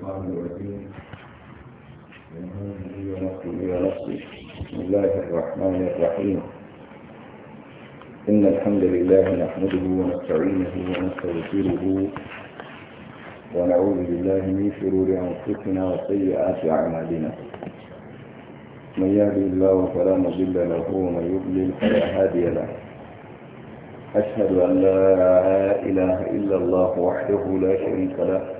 الشيطان الرجيم من همه ونفسه بسم الله الرحمن الرحيم إن الحمد لله نحمده ونستعينه ونستغفره ونعوذ بالله من شرور أنفسنا وسيئات أعمالنا من يهدي الله فلا مضل له ومن يضلل فلا هادي له أشهد أن لا إله إلا الله وحده لا شريك له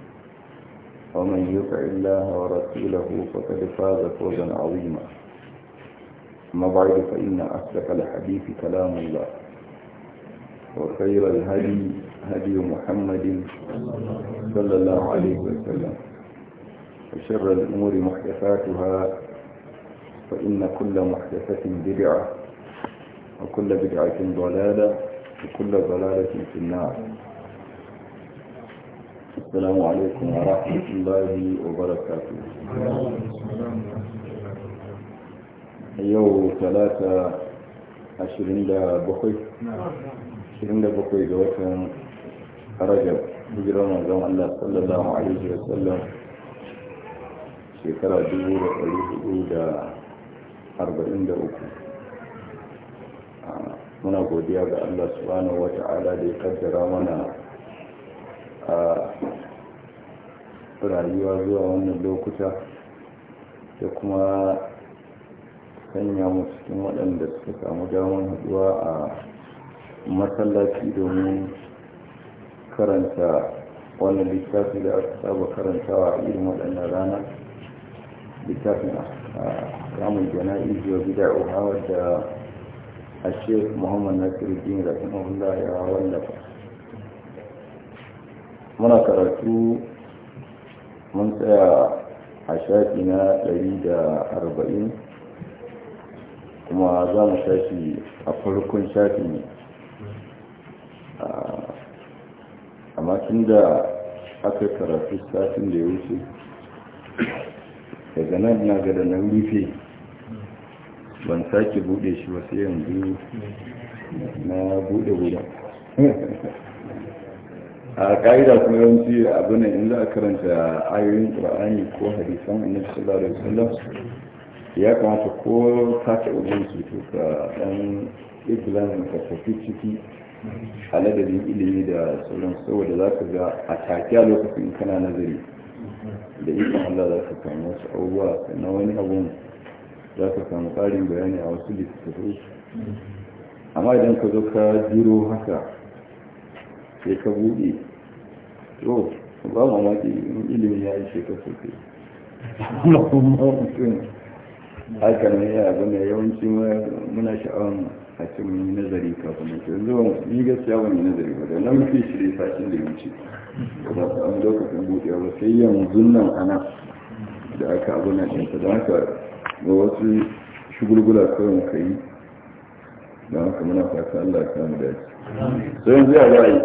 ومن يطع الله ورسوله فقد فاز فوزا عظيما أما بعد فإن أصدق الحديث كلام الله وخير الهدي هدي محمد صلى الله عليه وسلم وشر الأمور محدثاتها فإن كل محدثة بدعة وكل بدعة ضلالة وكل ضلالة في النار السلام عليكم ورحمة الله وبركاته yau talata 27 27 ga watan rajab hijirar manzon Allah sallallahu alaihi wa sallam shekara 1443 muna godiya ga Allah subhanahu wa ta'ala da ya kaddara mana a rayuwa zuwa wannan lokuta da kuma sanya mu cikin waɗanda suka samu damar haɗuwa a matsalaki domin karanta wannan littafi da aka saba karantawa a irin waɗannan rana littafin a kamun jana'izu gida, bida uhawa da a shek muhammad na jini da kuma ya wallafa muna karatu mun tsaya a shafi na 140 kuma za mu shafi a farkon shafi ne amma tun da aka karatu satin da ya wuce daga nan na ga da nan rufe ban sake bude shi wasu yanzu na bude wuda a ka'ida kuma yawanci abu ne in za a karanta ayoyin qur'ani ko hadisan annabi sallallahu alaihi wasallam ya kamata ko ta ta ubin su to ka dan iblan ka tafi ciki a ladabin ilimi da sauran saboda za ka ga a take a lokacin kana nazari da ita Allah za ka samu wasu abubuwa na wani abun za ka samu ƙarin bayani a wasu littattafai amma idan ka zo ka jiro haka sai ka buɗe to ba mamaki ilimin ya yi shekaru sosai amma kuma mutum haka ne ya abu ne yawanci muna sha'awar a ce mun yi nazari kafin na ce zuwa ni gaskiya ban yi nazari ba da nan mafi shirye sashen da yanci ba za su an lokacin buɗewa ba sai yanzu nan ana da aka abu na ɗinsa da haka ga wasu shugulgula kawai muka yi don haka muna fata Allah ya samu dace yanzu ya za a yi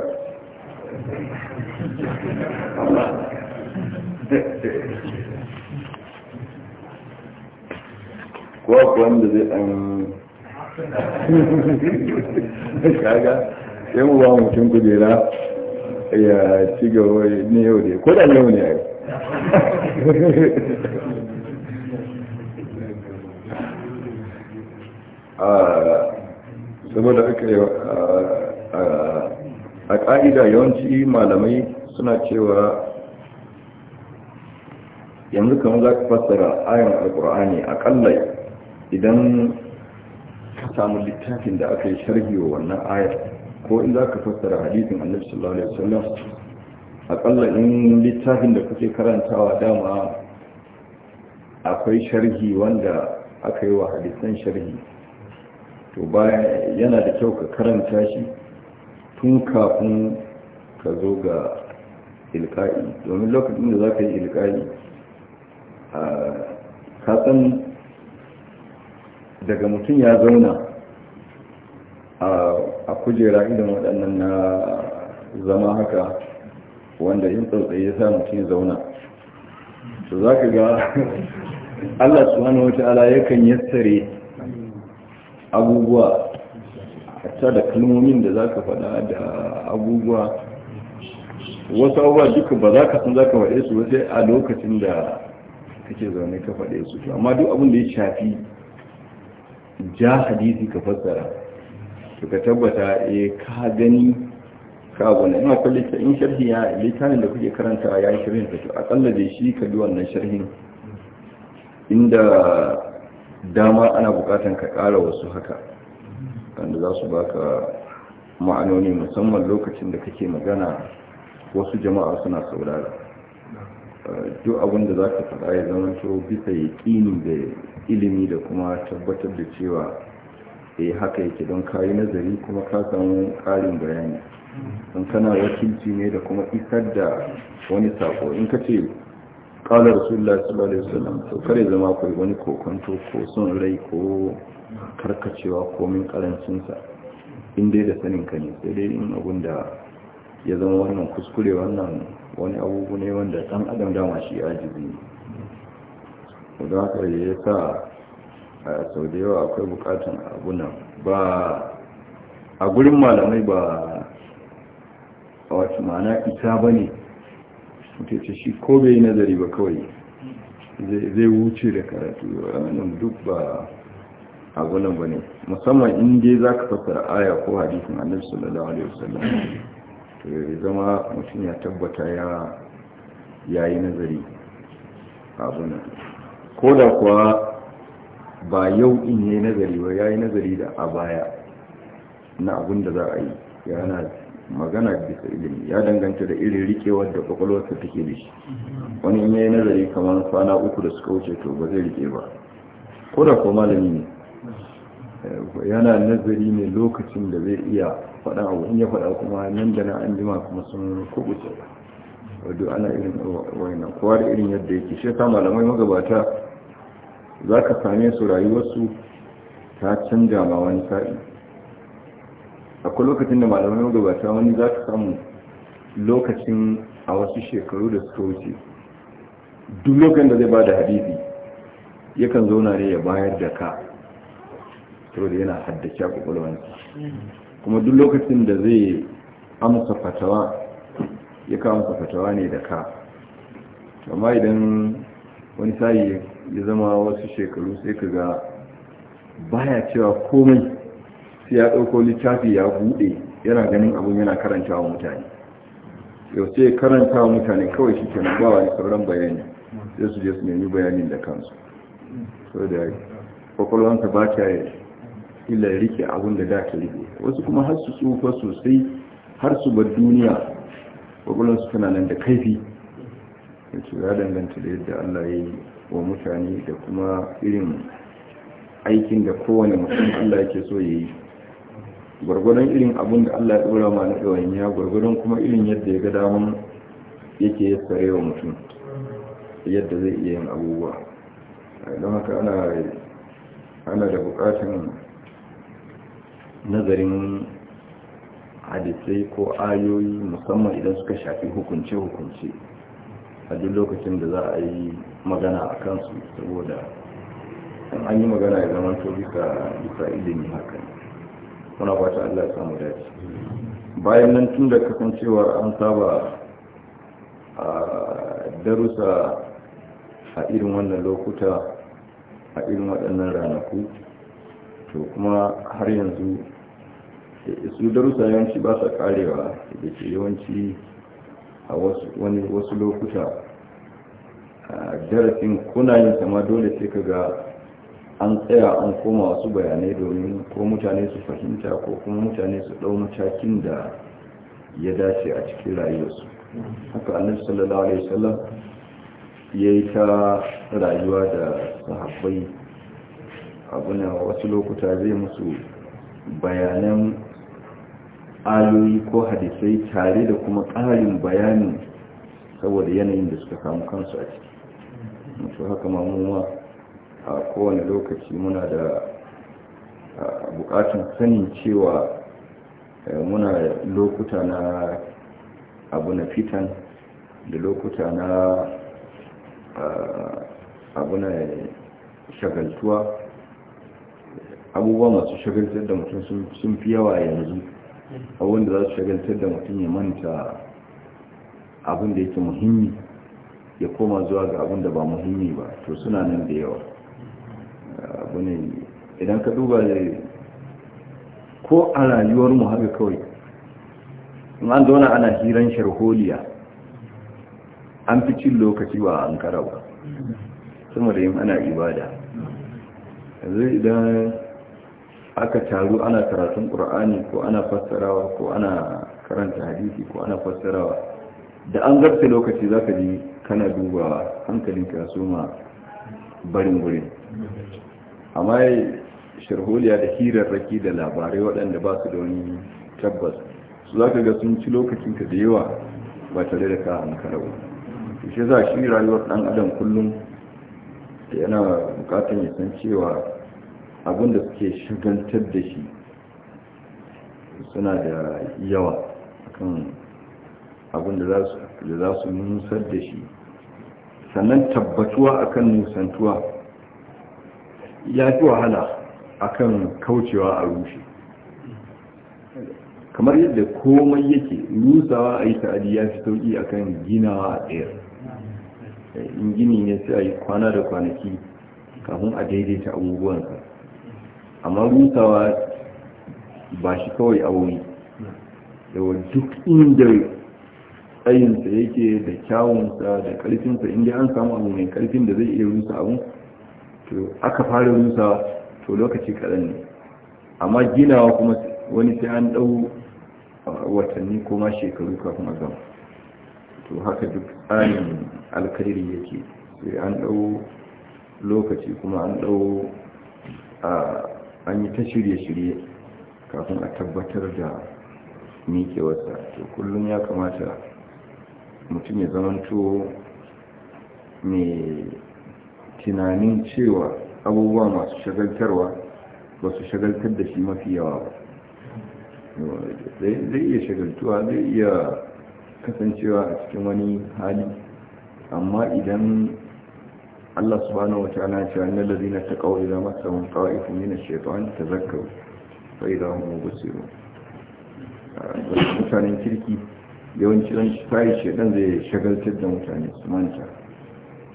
kuwa kuwan da zai an kaga yan uwa mutum kujera ya ci gaba ne yau ne ko da yau ne yau saboda aka yi a ƙa'ida yawanci malamai suna cewa yanzu kamar za ka fassara ayon alkur'ani akalla idan ka samu littafin da aka yi sharhi wa wannan ayar ko in za ka fassara hadithin annabi sallallahu alaihi wasallam akalla in littafin da kuke karantawa dama akwai sharhi wanda aka yi wa hadisan sharhi to bayan yana da kyau ka karanta shi tun kafin ka zo ga ilka'i domin lokacin da za ka yi ilka'i a katsan daga mutum ya zauna a kujera idan waɗannan na zama haka wanda yin tsautsayi ya sa mutum ya zauna to za ka ga allah su subhanahu wata ala yakan yassare abubuwa a da kalmomin da za ka faɗa da abubuwa wasu abubuwa duka ba za ka san za ka faɗe su ba sai a lokacin da kake zaune ka faɗe su to amma duk abin da ya shafi ja hadisi ka fassara to ka tabbata eh ka gani ka gani. ina kalli ta in sharhi ya litanin da kuke karanta ya yi sharhin ta to akalla da shi ka bi wannan sharhin inda dama ana bukatan ka kara wasu haka wanda za su baka ma'anoni musamman lokacin da kake magana wasu jama'a suna saurara duk abin da za ka faɗa ya zama to bisa ya ƙini da ilimi da kuma tabbatar da cewa eh haka yake don kayi nazari kuma ka samu ƙarin bayani don kana wakilci ne da kuma isar da wani sako in ka ce ƙalar rasulullah sallallahu alaihi wasallam to kare zama kai wani kokonto ko son rai ko karkacewa ko min karancinsa in dai da sanin ka ne sai dai in abun da ya zama wannan kuskure wannan wani abubu ne wanda ɗan adam dama shi ajizi ne don haka ya sa a sau da yawa akwai bukatun abunan ba a gurin malamai ba a wata mana ita ba ne mutu shi ko bai nazari ba kawai zai wuce da karatu wannan duk ba a gunan ba ne musamman inda za ka fasara aya ko hadisun annabi sallallahu alaihi wasallam to ya zama mutum ya tabbata ya yayi nazari abunan ko da kuwa ba yau in yi nazari ba ya yi nazari da a baya na abin da za a yi yana magana bisa ilimi ya danganta da irin rikewar da kwakwalwarsa take da shi wani in yi nazari kamar kwana uku da suka wuce to ba zai rike ba ko da kuwa malami ne yana nazari ne lokacin da zai iya faɗa abu in ya faɗa kuma nan da na an jima kuma sun kubuce wadda ana irin wainan kowa da irin yadda yake shi ta malamai magabata za ka same su rayuwarsu ta canja ma wani sa'i akwai lokacin da malamai magabata wani za ka samu lokacin a wasu shekaru da suka wuce duk lokacin da zai ba da hadisi yakan zauna ne ya bayar da ka saboda yana haddace a kwakwalwansa kuma duk lokacin da zai amsa fatawa ya kawo amsa fatawa ne da ka amma idan wani sayi ya zama wasu shekaru sai ka ga baya cewa komai sai ya ɗauko littafi ya buɗe yana ganin abun yana karanta wa mutane yau sai karanta mutane kawai shi ke ba wani sauran bayani sai su je su nemi bayanin da kansu so da kwakwalwansa ba ta yi ila rike abin da za ta rike wasu kuma har su tsufa sosai har su bar duniya kwakwalon su tana nan da kaifi da su ya danganta da yadda allah ya yi wa mutane da kuma irin aikin da kowane mutum allah yake so ya yi gwargwadon irin abin da allah ya ɗora ma na ya gwargwadon kuma irin yadda ya ga daman yake ya tsare wa mutum yadda zai iya yin abubuwa don haka ana da bukatun nazarin hadisai ko ayoyi musamman idan suka shafi hukunce-hukunce a duk lokacin da za a yi magana a kansu saboda an yi magana ya zama to bisa ilimi haka muna fata allah ya samu dace bayan nan tun da kasancewar an saba a darusa a irin wannan lokuta a irin waɗannan ranaku to kuma har yanzu su darussa yawanci ba sa karewa da ke yawanci a wasu lokuta darasin kuna yin sama dole sai ka ga an tsaya an koma wasu bayanai domin ko mutane su fahimta ko kuma mutane su ɗau matakin da ya dace a cikin rayuwarsu haka annabi sallallahu alaihi wasallam ya ta rayuwa da sahabbai abuna wasu lokuta zai musu bayanan ayoyi ko hadisai tare da kuma ƙarin bayani saboda yanayin da suka samu kansu a ciki mutu haka mamuwa a kowane lokaci muna da bukatun sanin cewa eh, muna lokuta na abu na fitan da lokuta na abu na shagaltuwa abubuwa masu shagaltar da mutum sun fi yawa yanzu Abin da za su shagaltar da mutum ya manta abin da yake muhimmi ya koma zuwa ga abin da ba muhimmi ba to suna nan da yawa abu ne idan ka duba da ko a rayuwar mu haka kawai in an zauna ana hiran sharholiya an fi cin lokaci ba an kara ba sama da yin ana ibada yanzu idan aka taru ana karatun ƙur'ani ko ana fassarawa ko ana karanta hadisi ko ana fassarawa da an garta lokaci za ka ji kana duba hankalinka ya soma barin wurin amma sharholiya da hirarraki da labarai waɗanda ba su da wani tabbas su za ka ga sun ci lokacin ka da yawa ba tare da ka hankala ba shi za shi rayuwar ɗan adam kullum yana bukatan ya san cewa da suke shigantar da shi suna da yawa kan abinda za su nusar da shi sannan tabbatuwa akan nusantuwa ya fi wahala akan kaucewa a rushe kamar yadda komai yake nusawa a yi ta'adi ya fi sauƙi akan ginawa a in gini ne sai a yi kwana da kwanaki kafin a daidaita abubuwansa amma rusawa ba shi kawai a wuri yawa duk inda tsayinsa yake da kyawunsa da ƙarfinsa inda an samu abu mai ƙarfin da zai iya rusa abu to aka fara rusa to lokaci kaɗan ne amma ginawa kuma wani sai an ɗau watanni kuma shekaru kafin a gama to haka duk tsarin alkhairi yake sai an ɗau lokaci kuma an ɗau ah, an yi ta shirye-shirye kafin a tabbatar da miƙewarsa to kullum ya kamata mutum ya zamanto mai tunanin cewa abubuwa masu shagaltarwa ba su shagaltar da shi mafi yawa ba zai iya shagaltuwa zai iya kasancewa a cikin wani hali amma idan Allah subhanahu wa ta'ala ya ce annal ladina taqaw idza massahum ta'ifun min ash-shaytan tazakkaru fa idza hum mubsirun mutanen kirki yawanci dan sai shedan zai shagaltar da mutane su manta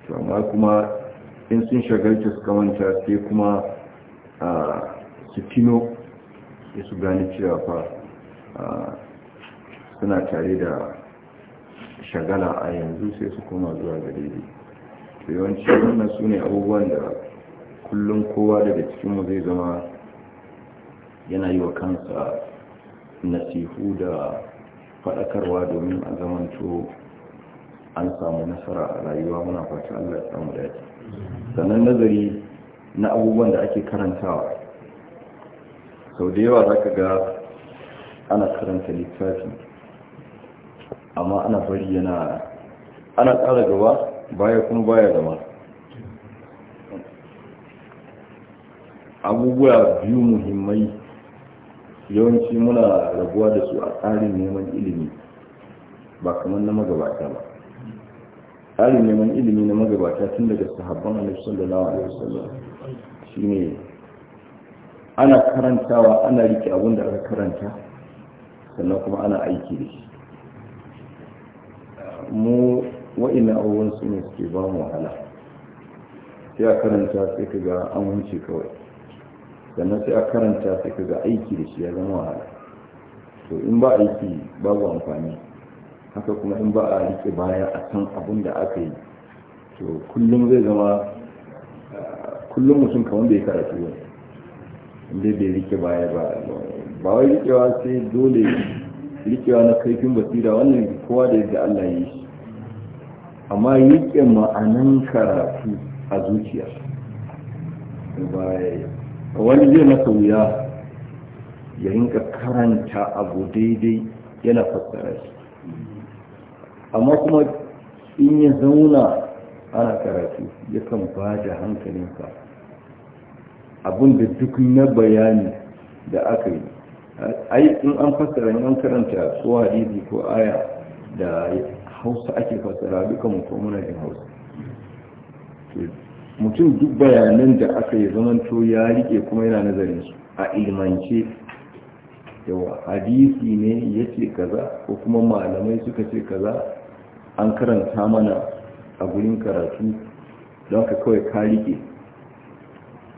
to amma kuma in sun shagalta su manta sai kuma su tino ya su gane cewa fa suna tare da shagala a yanzu sai su koma zuwa ga daidai yawanci wannan su ne abubuwan da kullum kowa daga cikinmu zai zama yana yi wa kansa nasihu da faɗakarwa domin a zamanto an samu nasara a rayuwa muna fata Allah ya samu dace sannan nazari na abubuwan da ake karantawa sau da yawa za ka ga ana karanta littafi amma ana bari yana ana tsara gaba baya kuma baya zama abubuwa biyu muhimmai yawanci muna rabuwa da su a tsarin neman ilimi ba kamar na magabata ba tsarin neman ilimi na magabata tun daga sahabban lawa a yau shi shine ana karantawa ana rike abin da aka karanta sannan kuma ana aiki da shi mu wa'ina abubuwan su ne suke ba mu wahala sai a karanta sai ka ga an wuce kawai sannan sai a karanta sai ka ga aiki da shi ya zama wahala to in ba aiki babu amfani haka kuma in ba a rike baya a san abin da aka yi to kullum zai zama kullum mutum kamar bai karatu ba inda bai rike baya ba ba wai rikewa sai dole rikewa na kaifin basira wannan kowa da yadda Allah yi shi amma riƙe ma'anan karatu a zuciya wani zai masa wuya ya rinka karanta abu daidai yana fassara shi amma kuma in ya zauna ana karatu ya kan ba da hankalinka abinda duk na bayani da aka yi ai in an fassara in karanta ko hadisi ko aya da hausa ake fasara duka mutum muna yin hausa mutum duk bayanan da aka yi zamanto ya rike kuma yana nazarin su a ilmance yawa hadisi ne ya ce kaza ko kuma malamai suka ce kaza an karanta mana a gurin karatu don ka kawai ka rike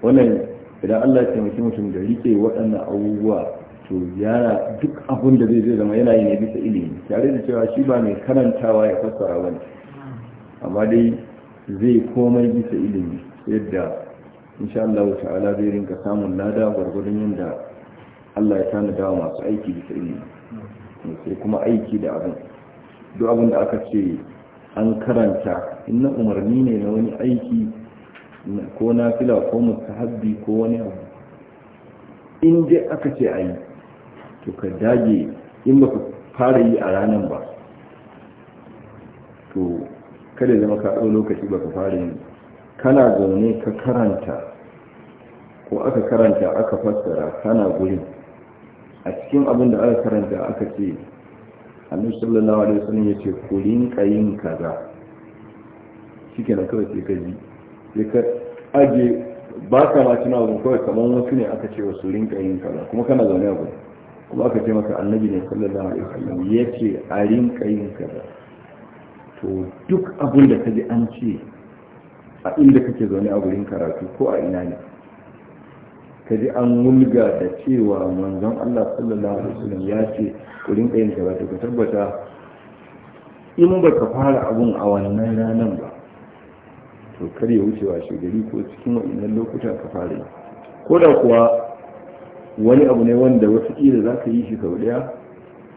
wannan idan allah ya taimaki mutum da rike waɗannan abubuwa to yara duk abun da zai zai zama yana yi ne bisa ilimi tare da cewa shi ba mai karantawa ya fassara wani amma dai zai komai bisa ilimi yadda insha Allah ta'ala zai rinka samun lada gwargwadon yadda Allah ya tana dawa masu aiki bisa ilimi sai kuma aiki da abin duk abin da aka ce an karanta ina umarni ne na wani aiki ko na fila ko mustahabbi ko wani abu in dai aka ce a yi to ka dage in ka fara yi a ranar ba to kada zama ka ɗau lokaci ba ka fara yi kana zaune ka karanta ko aka karanta aka fassara kana gurin a cikin abin da aka karanta aka ce annabi sallallahu alaihi wasallam yace ku rinka yin kaza shike na kawai sai ka ji sai ka aje ba ka ma tunawa kawai kamar wasu ne aka ce wa su rinka yin kaza kuma kana zaune a gurin kuma aka ce maka annabi ne sallallahu alaihi wasallam yace a rinka yin kaza to duk abin da kaje an ce a inda kake zaune a gurin karatu ko a ina ne kaji an wulga da cewa manzon Allah sallallahu alaihi wasallam ya ce ku rinka yin kaza to ka tabbata in ba ka fara abun a wannan ranan ba to kar ya wuce wa shugari ko cikin wa'annan lokuta ka fara ko da kuwa wani abu ne wanda wasu kila za ka yi shi sau daya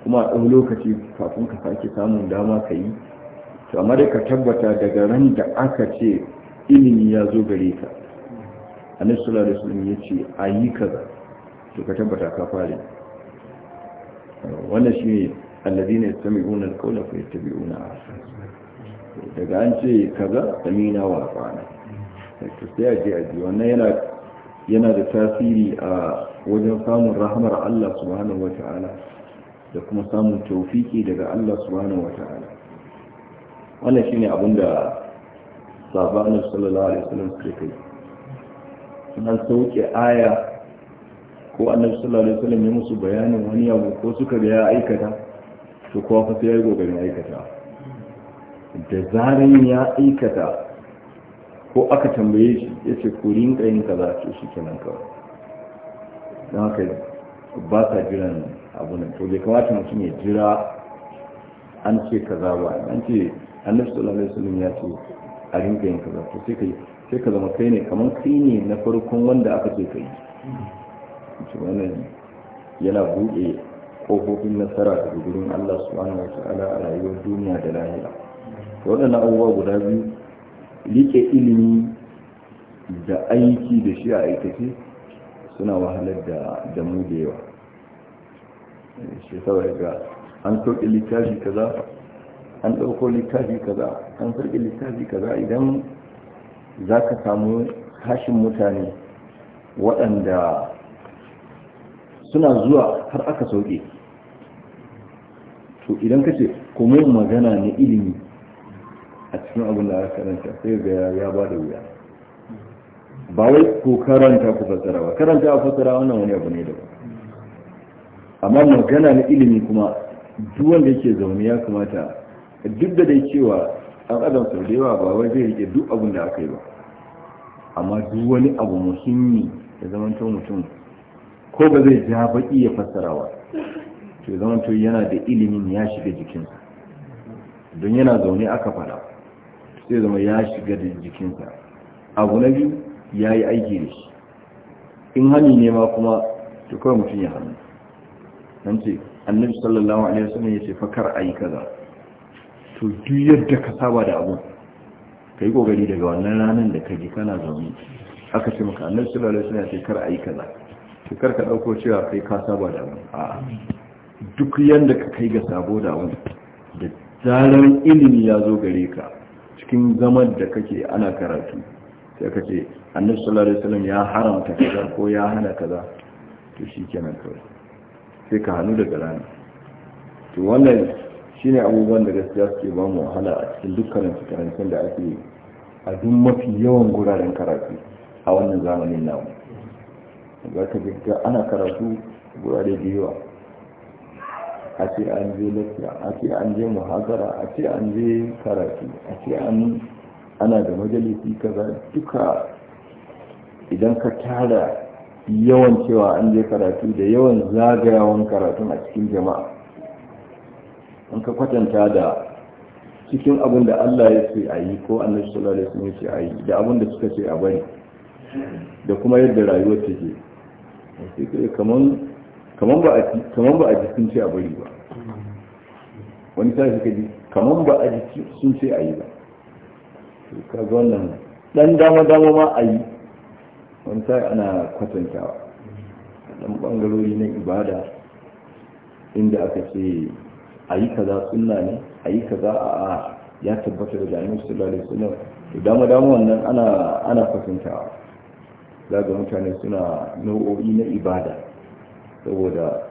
kuma a ɗan lokaci kafin ka sake samun dama ka yi to amma dai ka tabbata daga ran da aka ce ilimi ya zo gare ka annabi sallallahu da wasallam ya ce a yi kaza to ka tabbata ka fare wannan shine alladhina yastami'una al-qawla fa yattabi'una ahsana daga an ce kaza samina wa fa'ala sai a je a ji wannan yana yana da tasiri a wajen samun rahamar Allah subhanahu wa ta'ala da kuma samun taufiki daga Allah subhanahu wa ta'ala wannan shine abin da sabanin sallallahu alaihi wasallam suka kai an sauke aya ko annabi sallallahu alaihi wasallam ya musu bayanin wani abu ko suka ga ya aikata to kowa fa sai ya yi gogarin aikata da zarin ya aikata ko aka tambaye shi ya ce ku rinka yin kaza to shi kenan kawai don haka ba sa jiran abu nan to bai kamata mutum ya jira an ce kaza ba an ce annabi sallallahu alaihi wasallam ya ce a rinka yin kaza to sai kai sai ka zama kai ne kamar kai ne na farkon wanda aka ce kai to wannan yana buɗe kofofin nasara daga gurin Allah subhanahu wa ta'ala a rayuwar duniya da lahira to waɗannan abubuwa guda biyu rike ilimi da aiki da shi a aikace suna wahalar da damu da yawa shekara ga an sauƙi littafi kaza an ɗauko littafi kaza an sauƙi littafi kaza idan za ka samu hashin mutane waɗanda suna zuwa har aka sauƙe to idan ka ce kuma magana na ilimi cikin abin da aka karanta sai ga ya ba da wuya ba wai ku karanta ku fassara ba karanta ku fassara wannan wani abu ne da amma magana na ilimi kuma duk wanda yake zaune ya kamata duk da dai cewa an adam sau da yawa ba wai zai rike duk abin da aka yi ba amma duk wani abu muhimmi ya zama to mutum ko ba zai ja baki ya fassara ba to ya to yana da ilimin ya shiga jikinsa don yana zaune aka fara sai zama ya shiga da jikinsa abu na biyu ya yi aiki da shi in hannu ne ma kuma to kawai mutum ya hannu nan ce annabi sallallahu alaihi wasallam ya ce fakar ayi kaza to duk yadda ka saba da abu ka yi kokari daga wannan ranar da ka ji kana zaune aka ce maka annabi sallallahu alaihi wasallam ya ce kar ayi kaza to kar ka dauko cewa kai ka saba da abu a duk yanda ka kai ga sabo da abu da zaran ilimi ya zo gare ka cikin zaman da kake ana karatu sai ka ce annabi sallallahu alaihi wasallam ya haramta kaza ko ya hana kaza to shikenan kawai sai ka hannu daga rana to wannan shine abubuwan da gaskiya suke ba mu wahala a cikin dukkanin karatun da ake a duk mafi yawan guraren karatu a wannan zamanin namu ga ka ga ana karatu gurare da yawa a ce an je lafiya a ce an je muhazara a ce an je karatu a ce an ana da majalisi kaza duka idan ka tara yawan cewa an je karatu da yawan zagayawan karatun a cikin jama'a an ka kwatanta da cikin abin da Allah ya ce a yi ko annabi sallallahu alaihi wasallam ya ce a yi da abin da suka ce a bari da kuma yadda rayuwar take kamar kamar ba a ji sun ce a bari ba wani ta suka kaji kamar ba a ji sun ce a yi ba ka ga wannan dan dama dama ma a yi wani sa ana kwatantawa dan bangarori na ibada inda aka ce a yi kaza sunna ne a yi kaza a ya tabbata da jami'in sallallahu alaihi wasallam to dama dama wannan ana ana kwatantawa ga mutane suna nau'o'i na ibada saboda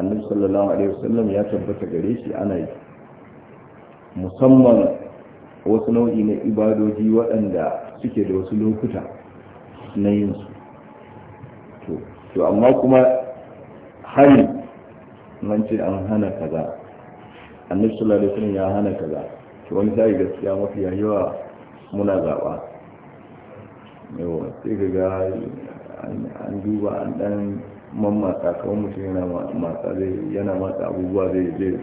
annabi sallallahu alaihi wasallam ya tabbata gare shi ana yi musamman wasu nau'i na ibadoji waɗanda suke da wasu lokuta na yin su to amma kuma hari nan ce an hana kaza annabi sallallahu alaihi wasallam ya hana kaza to wani sai gaskiya mafi yawa muna zaba yawa sai ga an duba an dan man matsa kawai mutum yana mata zai yana mata abubuwa zai zai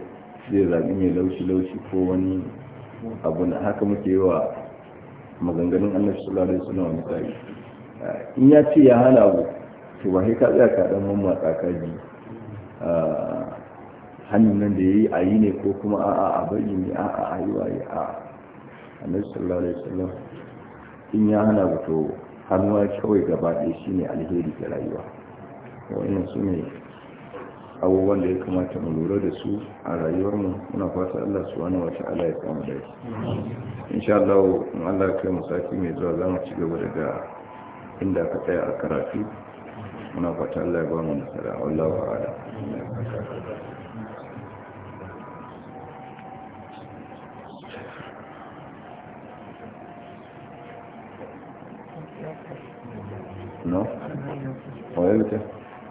zai zaɓi mai laushi laushi ko wani abu na haka muke yi wa maganganun annabi sallallahu alaihi wasallam misali in ya ce ya hana abu to ba sai ka tsaya ka dan man matsa ka ji hannun nan da yayi ayi ne ko kuma a'a a bari ne a'a ayi waye a'a annabi sallallahu alaihi wasallam in ya hana abu to hannuwa kawai gaba ɗaya shine alheri ga rayuwa wannan su ne abubuwan da ya kamata mu lura da su a rayuwarmu muna fata Allah su wani wata ala ya samu da insha Allah mu Allah kai mu mai zuwa za mu ci gaba daga inda aka tsaya a karatu muna fata Allah ya ba mu nasara wallahu a'lam No? Oye, ¿qué?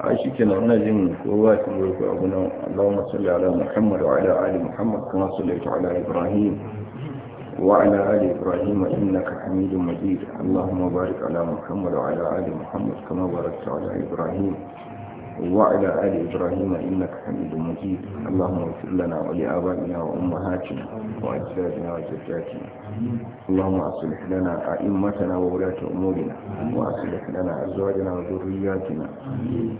a shi ke nan jin kowa ta yi ku abu nan allahumma salli ala Muhammadu wa ala ali muhammad kuma sallaita ala ibrahim وعلى آل إبراهيم إنك ma barik اللهم بارك على محمد وعلى آل محمد كما باركت على Ibrahim. وعلى آل إبراهيم إنك حميد مجيد اللهم اغفر لنا ولآبائنا وأمهاتنا وأجدادنا وجداتنا اللهم أصلح لنا أئمتنا وولاة أمورنا وأصلح لنا أزواجنا وذرياتنا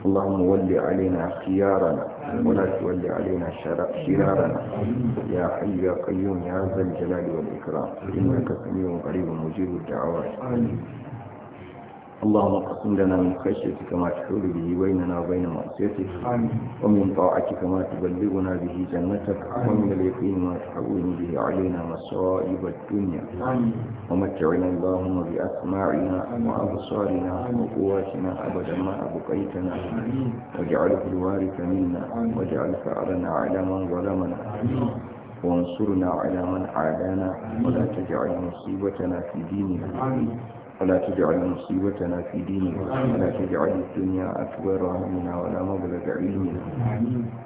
اللهم ول علينا خيارنا ولا تول علينا شرارنا يا حي يا قيوم يا ذا الجلال والإكرام إنك سميع قريب مجيب الدعوات اللهم اقسم لنا من خشيتك ما تحول به بيننا وبين معصيتك ومن طاعتك ما تبلغنا به جنتك ومن اليقين ما تحول به علينا مصائب الدنيا ومتعنا اللهم بأسماعنا وأبصارنا وقواتنا أبدا ما أبقيتنا واجعلك الوارث منا واجعل ثأرنا على من ظلمنا وانصرنا على من عادانا ولا تجعل مصيبتنا في ديننا ولا تجعل مصيبتنا في ديننا ولا تجعل الدنيا أكبر همنا ولا مبلغ علمنا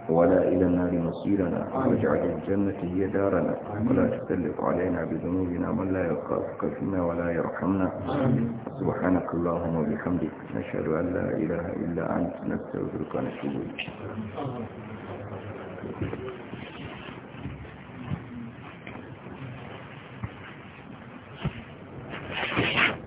ولا إلى النار مصيرنا واجعل الجنة هي دارنا ولا تسلط علينا بذنوبنا من لا يخافك فينا ولا يرحمنا سبحانك اللهم وبحمدك نشهد أن لا إله إلا أنت نستغفرك ونتوب إليك Thank you.